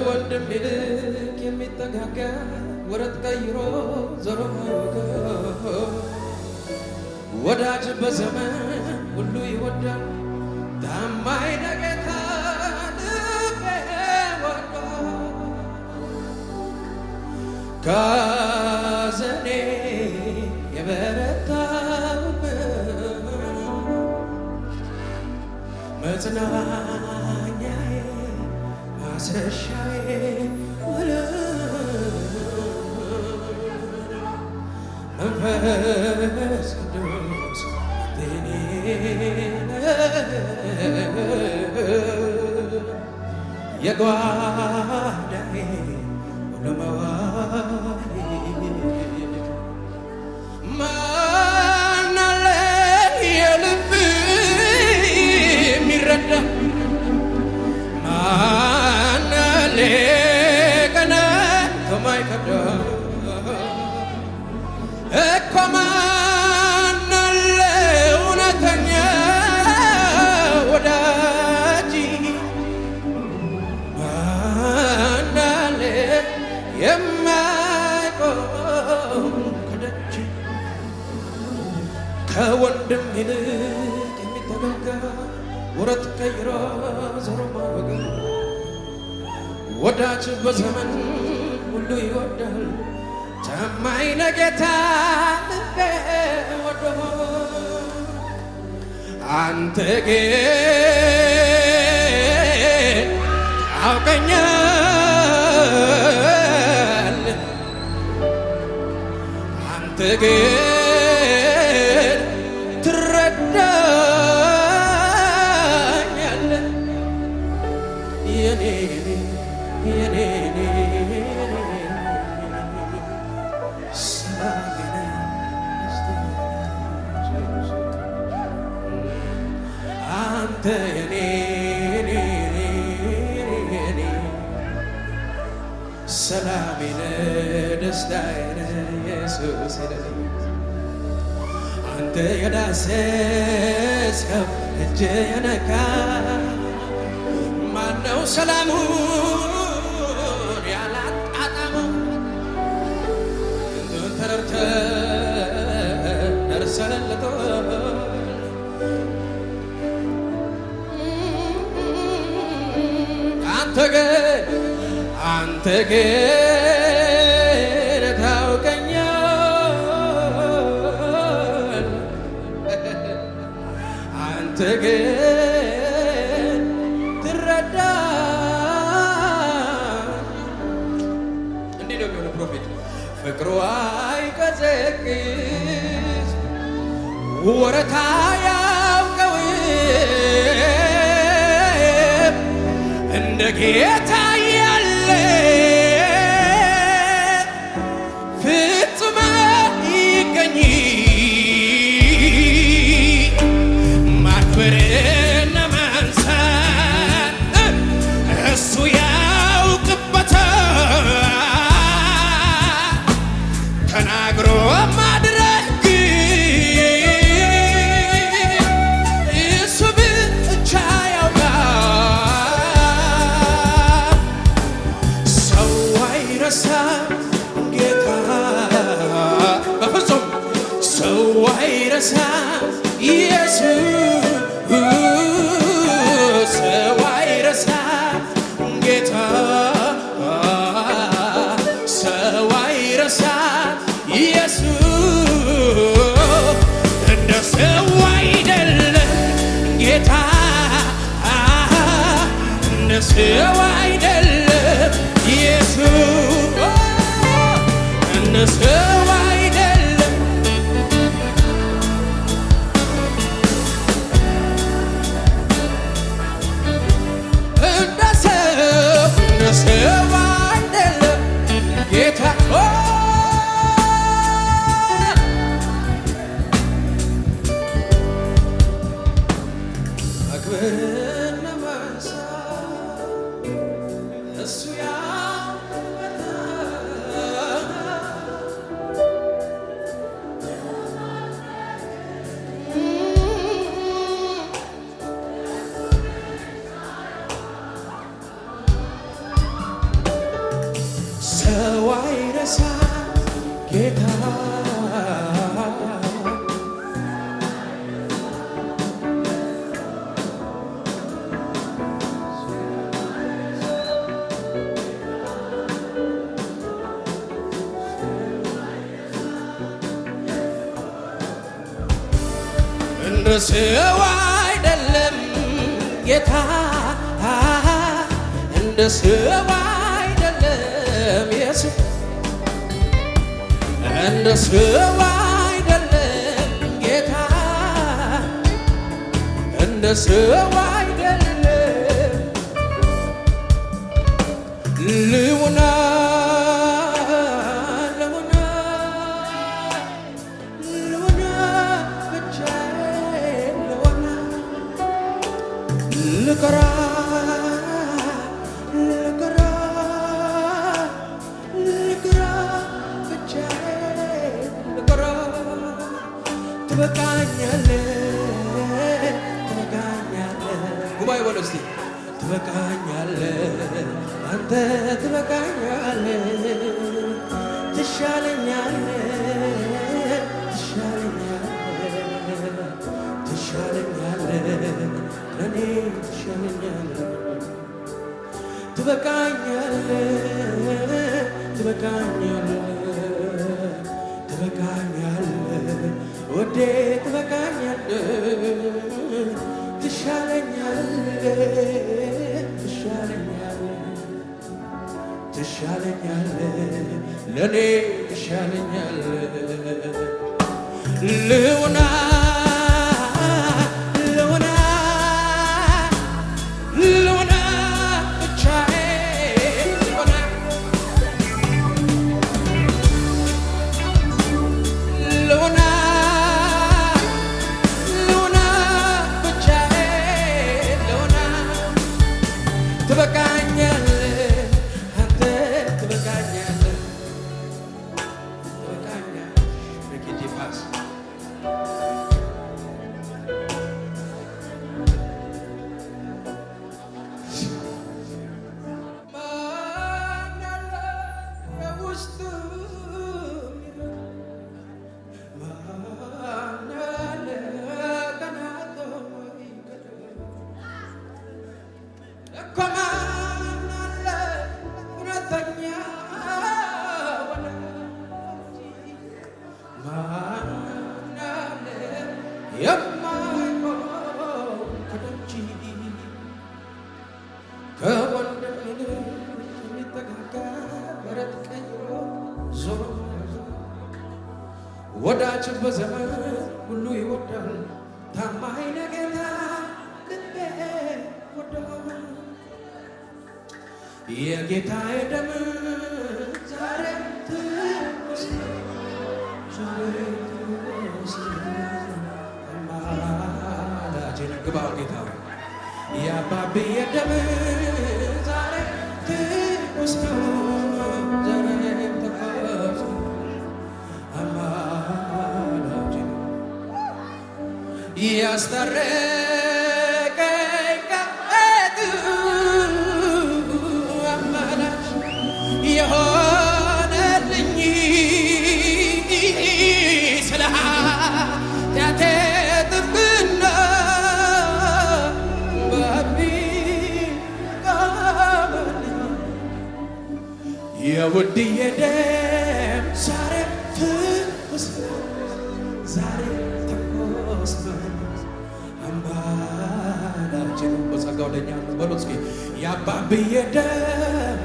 ከወንድም ይልቅ የሚጠጋጋ ወረት ቀይሮ ዞሮ ወዳጅ በዘመን ሁሉ ይወዳል። ታማኝ ለጌታ ካዘኔ የበረታ መጽናት መጨረሻዬ የጓዳዬ ሁሉ መዋ የራዘሮ ማወገን ወዳጅ በዘመን ሁሉ ይወዳል። ታማኝ ለጌታ ልቤ አንተ ታውቀኛል አንተ ሰላሜነ ደስታዬነ ኢየሱስ ይለኝ አንተ የዳሰስከው እጅ የነካ ማነው ሰላሙ አንተ ግን ታውቀኛል፣ አንተ ግን ትረዳ። እንዲህ ነው የሚሆነው። ፕሮፌት ፍቅሩ አይቀዘቅዝ ወረታ ያውቀው እንደ ጌታ የማይረሳ ኢየሱስ ሰው አይረሳ ጌታ ሰው አይደለም ጌታ እንደ እንደ ሰው አይደለም ጌታ እንደ ሰው አይደለም ልውና ትበቃኛለህ ትበቃኛለህ ጉባኤ በለው እስቲ ትበቃኛለህ አንተ ትበቃኛለህ ትሻለኛለህ ትሻለኛለህ ትሻለኛለህ ለኔ ትሻለኛለህ ትበቃኛለህ ትበቃኛለህ ትበቃኛለህ ወዴት ትበቃኛለህ፣ ትሻለኛለህ፣ ትሻለኛለህ፣ ትሻለኛለህ፣ ለእኔ ትሻለኛለህ ልውና the a kind. ብየደም ዛሬ ትኩስ ነው ዛሬ የውድዬ ደም ዛሬ ትኩስ ዛሬ ትኩስ እስኪ የአባብዬ ደም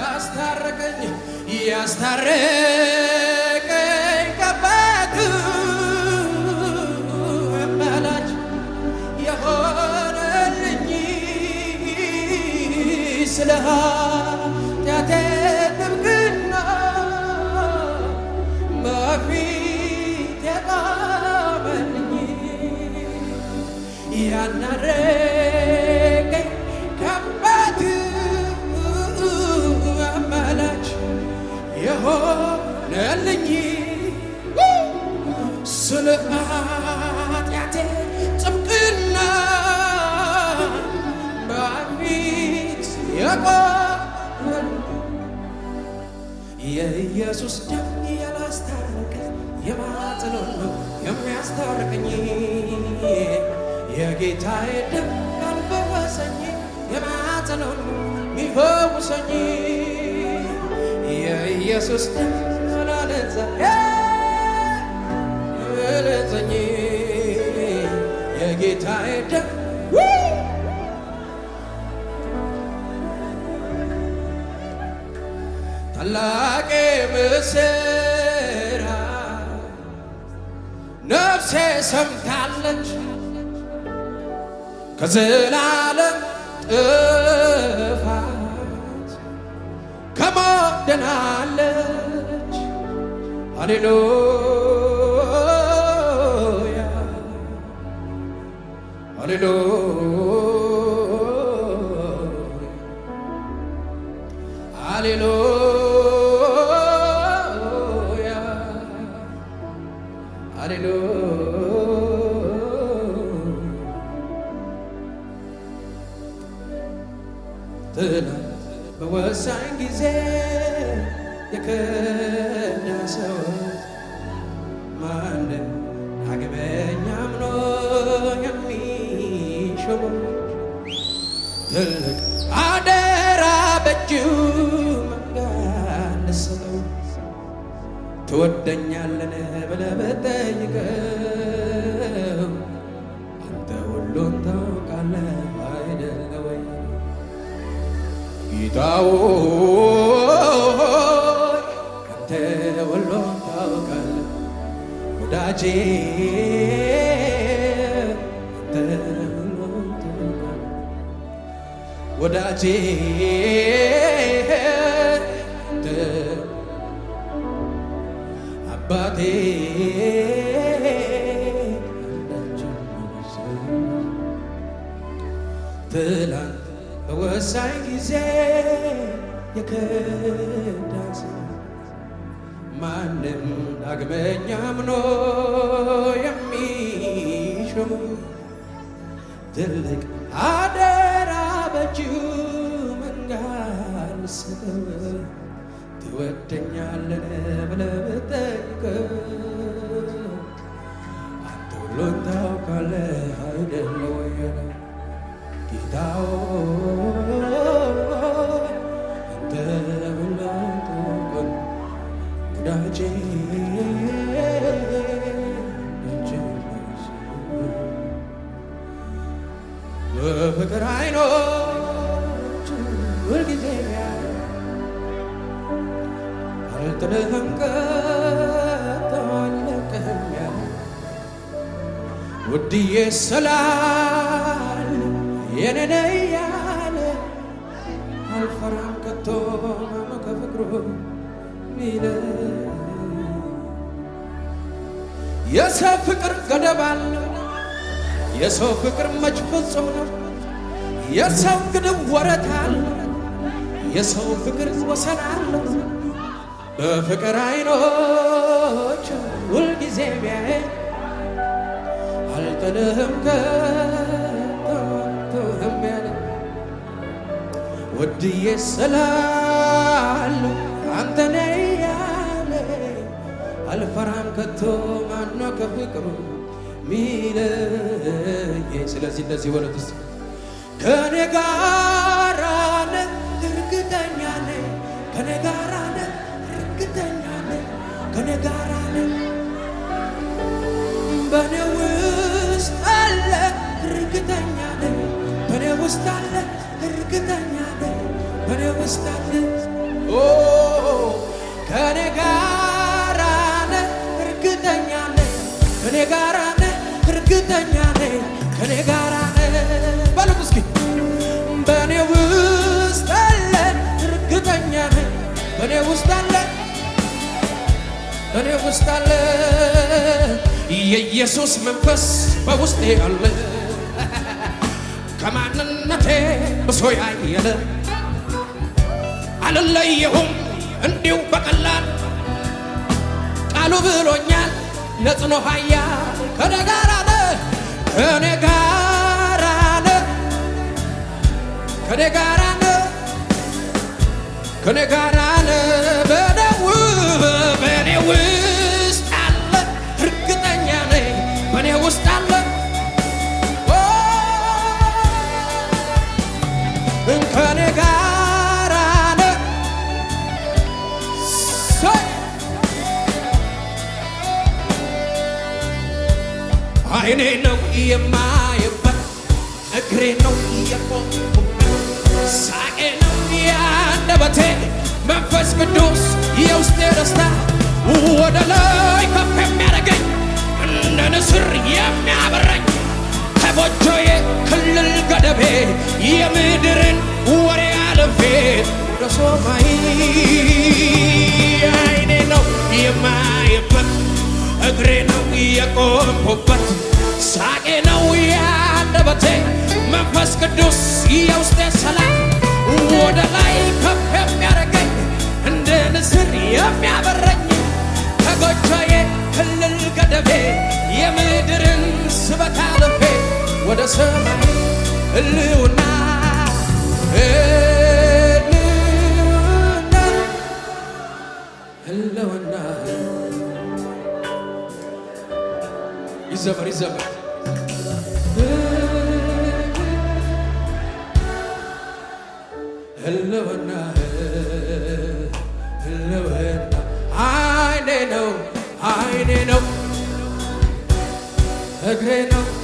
ያስታረቀኝ ለኃጢአቴ ጥብቅና በፊት የቆምክልኝ ያናረቀኝ ከባድ አማላጅ የሆንክልኝ ስለ የኢየሱስ ደም ያላስታረቀ የማጥሎ ነው የሚያስታርቀኝ የጌታዬ ደም ያልፈወሰኝ የማጥሎ ነው የኢየሱስ ደም ስላለዛ ለዘኝ የጌታዬ ደም ታላቅ ብሰራ ነፍሴ ሰምታለች ከዘላለም ጥፋት ከሞት ድናለች። ሃሌሉያ ሃሌሉያ ሃሌሉያ አደራ በእጁ መንጋ እንሰጠው ትወደኛለን ብለህ ብትጠይቀው አንተ ሁሉን ታውቃለህ አይደለ ወይ ጌታው አንተ ሁሉን ታውቃለህ ወዳጄ ወዳጄ አባቴ ትላንት በወሳኝ ጊዜ የከዳሰ ማንም ዳግመኛ አምኖ የሚሾም ትልቅ ትወደኛለን ብለህ ውድዬ ስላል የኔነ ያለ አልፈራም ከቶ ከፍቅሩ ሚለ የሰው ፍቅር ገደብ አለው። የሰው ፍቅር መች ፍጹም ነው። የሰው ግድብ ወረት አለው። የሰው ፍቅር ወሰን አለው። በፍቅር አይኖች ሁልጊዜ ቢያይ ጥልህም ከቶህም ያለ ወድዬ ስላለሁ አንተነ ያለ አልፈራም ከቶ ማነው ከፍቅሩ ሚለየ? ስለዚህ እንደዚህ በሉት ስ ከኔ ጋራ ነህ እርግጠኛ ነኝ ከኔ ጋራ ነህ እርግጠኛ ነኝ ከኔ ጋራ ውስጥ አለ፣ እርግጠኛ ነኝ በኔ ውስጥ አለ። ኦ ከኔ ጋራ ነ እርግጠኛ ከኔ ጋራ ነ እርግጠኛ ከኔ ጋራ ነ በሉት እስኪ በኔ ውስጥ አለ፣ እርግጠኛ በኔ ውስጥ አለ፣ በኔ ውስጥ አለ። የኢየሱስ መንፈስ በውስጤ አለ ከማንን ልጅነቴ ብሶ ያየለ አልለየሁም እንዲሁ በቀላል ቃሉ ብሎኛል ነጽኖ ኃያል ከኔ ጋር አለ ከኔ ጋር አለ ከኔ ጋር አለ ከኔ ጋር አለ በደው ውስጥ አለ እርግጠኛ ነኝ ውስጥ አለ አይኔ ነው የማየበት እግሬ ነው የቆምኩበት ሳቄ ነው ያንደበቴ መንፈስ ቅዱስ የውስጤ ደስታ ወደ ላይ ከፍ የሚያደርገኝ እንደ ንስር የሚያበረኝ ከጎጆዬ ክልል ገደቤ የምድርን ወሬ አልፌ ወደ ሰማይ አይኔ ነው የማየበት እግሬ ነው የቆምኩበት ቅዱስ የውስጤ ሰላም ወደ ላይ ከፍ የሚያደርገኝ እንደ ንስር የሚያበረኝ ከጎጆዬ ክልል ገደቤ የምድርን ስበት አልፌ ወደ ሰማይ ህልውና ይዘመር ይዘመር ህልውና ህልውና አይኔ ነው አይኔ ነው እግሬ ነው